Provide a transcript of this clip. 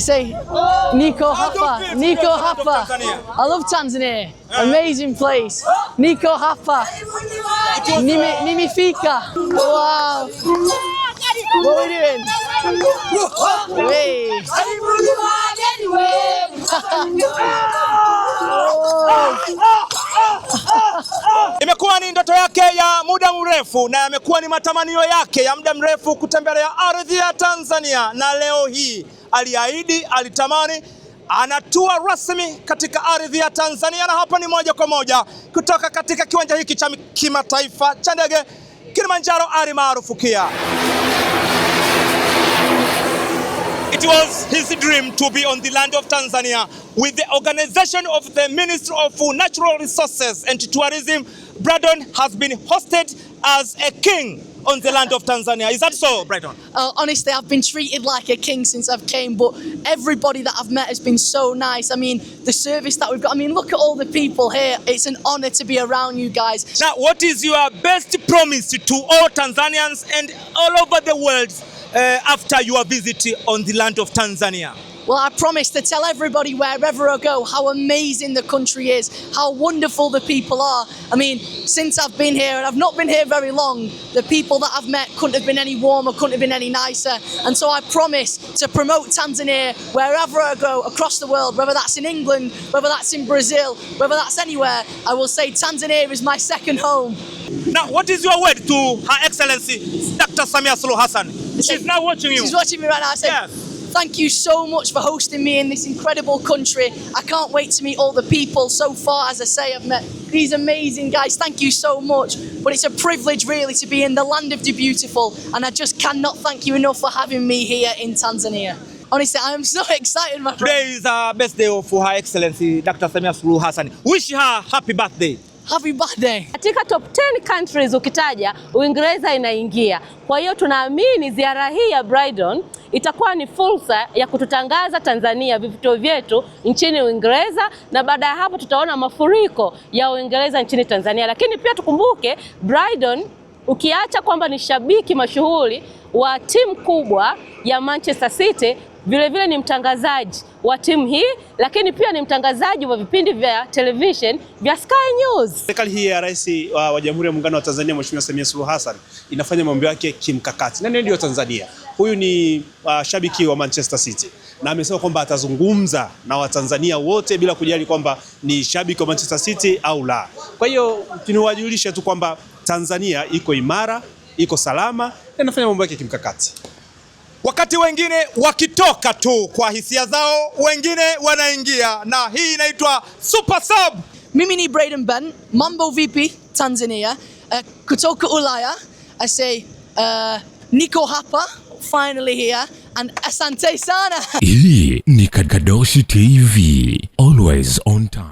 say Nico Hapa. Nico Hapa. I love Tanzania. Amazing place. Nico Hapa. Nimifika. Wow. What are we doing? Imekuwa ni ndoto yake ya muda mrefu na yamekuwa ni matamanio yake ya muda mrefu kutembelea ardhi ya Tanzania na leo hii aliahidi, alitamani, anatua rasmi katika ardhi ya Tanzania, na hapa ni moja kwa moja kutoka katika kiwanja hiki cha kimataifa cha ndege Kilimanjaro ari maarufu KIA. It was his dream to be on the land of Tanzania with the organization of the Ministry of Natural Resources and Tourism. Braddon has been hosted as a king on the land of Tanzania. Is that so, Brighton? Uh, honestly, I've been treated like a king since I've came, but everybody that I've met has been so nice. I mean, the service that we've got. I mean, look at all the people here. It's an honour to be around you guys. Now, what is your best promise to all Tanzanians and all over the world uh, after your visit on the land of Tanzania? Well, I promise to tell everybody wherever I go how amazing the country is, how wonderful the people are. I mean, since I've been here, and I've not been here very long, the people that I've met couldn't have been any warmer, couldn't have been any nicer. And so I promise to promote Tanzania wherever I go across the world, whether that's in England, whether that's in Brazil, whether that's anywhere, I will say Tanzania is my second home. Now, what is your word to Her Excellency Dr. Samia Suluhu Hassan? She's now watching you. She's watching me right now. I say, yes. Thank you so much for hosting me in this incredible country. I can't wait to meet all the people. So far, as I say, I've met these amazing guys. Thank you so much. But it's a privilege, really, to be in the land of the beautiful. And I just cannot thank you enough for having me here in Tanzania. Honestly, I am so excited, my friend. Today is the birthday of Her Excellency Dr. Samia Suluhu Hassan. Wish her happy birthday. Happy birthday. Katika top 10 countries ukitaja, Uingereza inaingia. Kwa hiyo tunaamini ziara hii ya Bridon itakuwa ni fursa ya kututangaza Tanzania, vivutio vyetu nchini Uingereza, na baada ya hapo tutaona mafuriko ya Uingereza nchini Tanzania. Lakini pia tukumbuke Brydon, ukiacha kwamba ni shabiki mashuhuri wa timu kubwa ya Manchester City vilevile vile ni mtangazaji wa timu hii, lakini pia ni mtangazaji wa vipindi vya television vya Sky News. Serikali hii ya Rais wa, wa Jamhuri ya Muungano wa Tanzania Mheshimiwa Samia Suluhu Hassan inafanya mambo yake kimkakati, na ndio Tanzania. Huyu ni uh, shabiki wa Manchester City na amesema kwamba atazungumza na Watanzania wote bila kujali kwamba ni shabiki wa Manchester City au la. Kwa hiyo tunawajulisha tu kwamba Tanzania iko imara, iko salama na inafanya mambo yake kimkakati wakati wengine wakitoka tu kwa hisia zao, wengine wanaingia, na hii inaitwa super sub. Mimi ni Braden Ben, mambo vipi Tanzania, uh, kutoka Ulaya. I say uh, niko hapa finally here and asante sana. Hii ni Kadoshi TV, always on time.